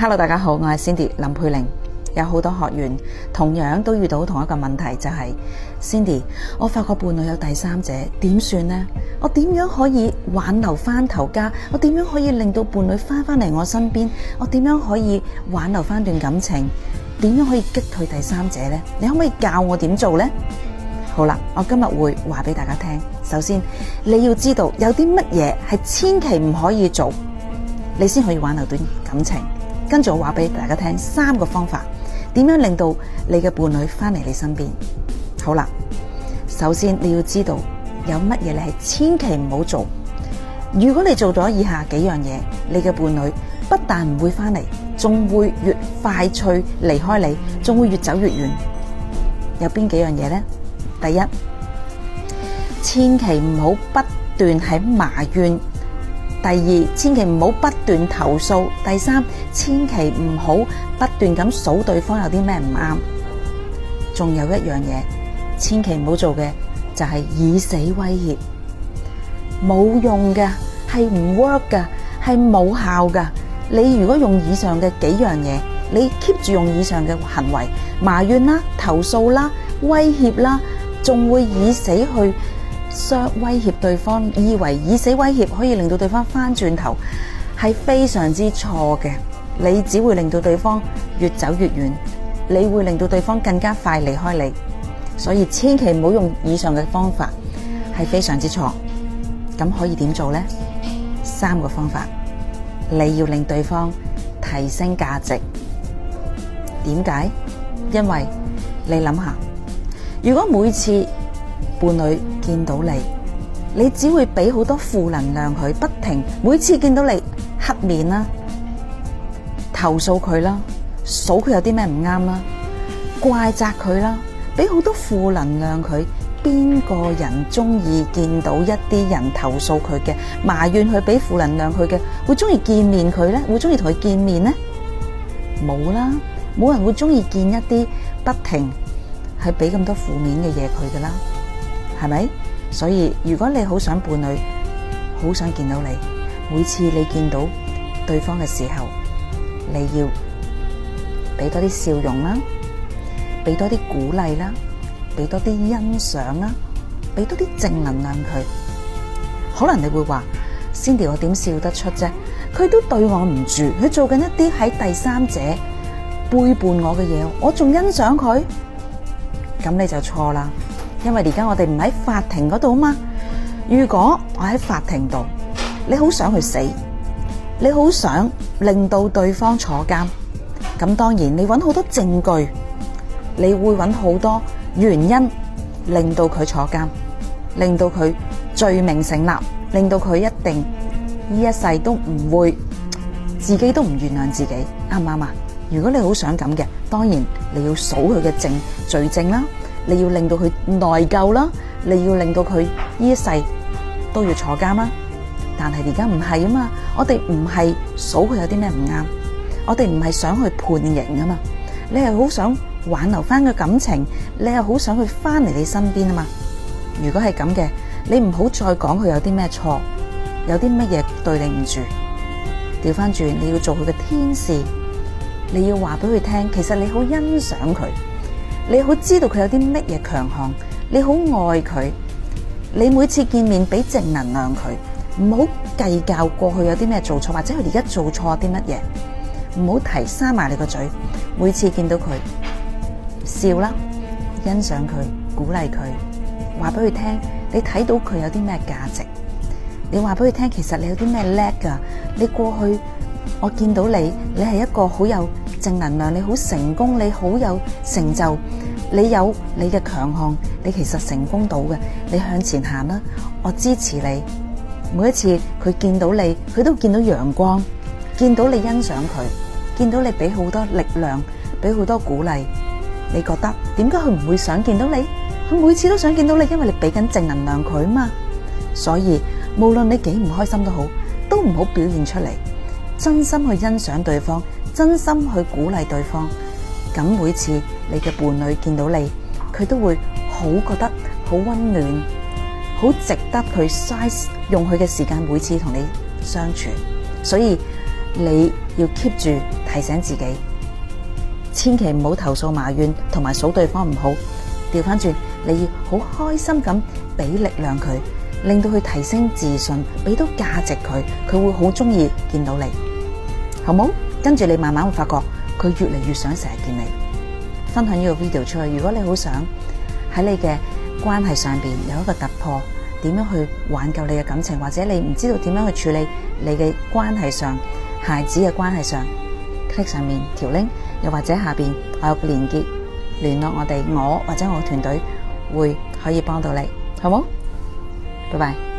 Hello，大家好，我係 Cindy 林佩玲。有好多學員同樣都遇到同一個問題，就係、是、Cindy，我發覺伴侶有第三者，點算呢？我點樣可以挽留翻頭家？我點樣可以令到伴侶翻翻嚟我身邊？我點樣可以挽留翻段感情？點樣可以擊退第三者呢？你可唔可以教我點做呢？好啦，我今日會話俾大家聽。首先，你要知道有啲乜嘢係千祈唔可以做，你先可以挽留段感情。跟住我話俾大家聽三個方法，點樣令到你嘅伴侶翻嚟你身邊？好啦，首先你要知道有乜嘢你係千祈唔好做。如果你做咗以下幾樣嘢，你嘅伴侶不但唔會翻嚟，仲會越快脆離開你，仲會越走越遠。有邊幾樣嘢咧？第一，千祈唔好不斷喺埋怨。第二，千祈唔好不斷投訴；第三，千祈唔好不斷咁數對方有啲咩唔啱。仲有一樣嘢，千祈唔好做嘅就係以死威脅，冇用㗎，係唔 work 㗎，係冇效㗎。你如果用以上嘅幾樣嘢，你 keep 住用以上嘅行為，埋怨啦、投訴啦、威脅啦，仲會以死去。相威脅對方，以為以死威脅可以令到對方翻轉頭，係非常之錯嘅。你只會令到對方越走越遠，你會令到對方更加快離開你。所以千祈唔好用以上嘅方法，係非常之錯。咁可以點做呢？三個方法，你要令對方提升價值。點解？因為你諗下，如果每次，伴侶見到你，你只會俾好多負能量佢，不停每次見到你黑面啦、啊，投訴佢啦，數佢有啲咩唔啱啦，怪責佢啦，俾好多負能量佢，邊個人中意見到一啲人投訴佢嘅，埋怨佢俾負能量佢嘅，會中意見面佢咧？會中意同佢見面咧？冇啦，冇人會中意見一啲不停係俾咁多負面嘅嘢佢噶啦。係咪？所以如果你好想伴侶，好想見到你，每次你見到對方嘅時候，你要俾多啲笑容啦，俾多啲鼓勵啦，俾多啲欣賞啦，俾多啲正能量佢。可能你會話：Cindy，我點笑得出啫？佢都對我唔住，佢做緊一啲喺第三者背叛我嘅嘢，我仲欣賞佢？咁你就錯啦。因為而家我哋唔喺法庭嗰度嘛，如果我喺法庭度，你好想去死，你好想令到對方坐監，咁當然你揾好多證據，你會揾好多原因令到佢坐監，令到佢罪名成立，令到佢一定呢一世都唔會自己都唔原諒自己，啱唔啱啊？如果你好想咁嘅，當然你要數佢嘅證罪證啦。你要令到佢內疚啦，你要令到佢呢一世都要坐監啦。但係而家唔係啊嘛，我哋唔係數佢有啲咩唔啱，我哋唔係想去判刑啊嘛。你係好想挽留翻個感情，你係好想去翻嚟你身邊啊嘛。如果係咁嘅，你唔好再講佢有啲咩錯，有啲乜嘢對你唔住。調翻轉，你要做佢嘅天使，你要話俾佢聽，其實你好欣賞佢。你好知道佢有啲乜嘢強項，你好愛佢，你每次見面俾正能量佢，唔好計較過去有啲咩做錯，或者佢而家做錯啲乜嘢，唔好提，閂埋你個嘴。每次見到佢，笑啦，欣賞佢，鼓勵佢，話俾佢聽，你睇到佢有啲咩價值，你話俾佢聽，其實你有啲咩叻噶，你過去我見到你，你係一個好有。正能量，你好成功，你好有成就，你有你嘅強項，你其實成功到嘅，你向前行啦，我支持你。每一次佢見到你，佢都見到陽光，見到你欣賞佢，見到你俾好多力量，俾好多鼓勵。你覺得點解佢唔會想見到你？佢每次都想見到你，因為你俾緊正能量佢嘛。所以無論你幾唔開心都好，都唔好表現出嚟，真心去欣賞對方。真心去鼓勵對方，咁每次你嘅伴侶見到你，佢都會好覺得好溫暖，好值得佢嘥用佢嘅時間，每次同你相處。所以你要 keep 住提醒自己，千祈唔好投訴埋怨同埋數對方唔好，調翻轉你要好開心咁俾力量佢，令到佢提升自信，俾到價值佢，佢會好中意見到你，好冇？跟住你慢慢會發覺，佢越嚟越想成日見你，分享呢個 video 出去。如果你好想喺你嘅關係上邊有一個突破，點樣去挽救你嘅感情，或者你唔知道點樣去處理你嘅關係上、孩子嘅關係上，click 上面條 link，又或者下邊我有個連結聯絡我哋，我或者我團隊會可以幫到你，好冇？拜拜。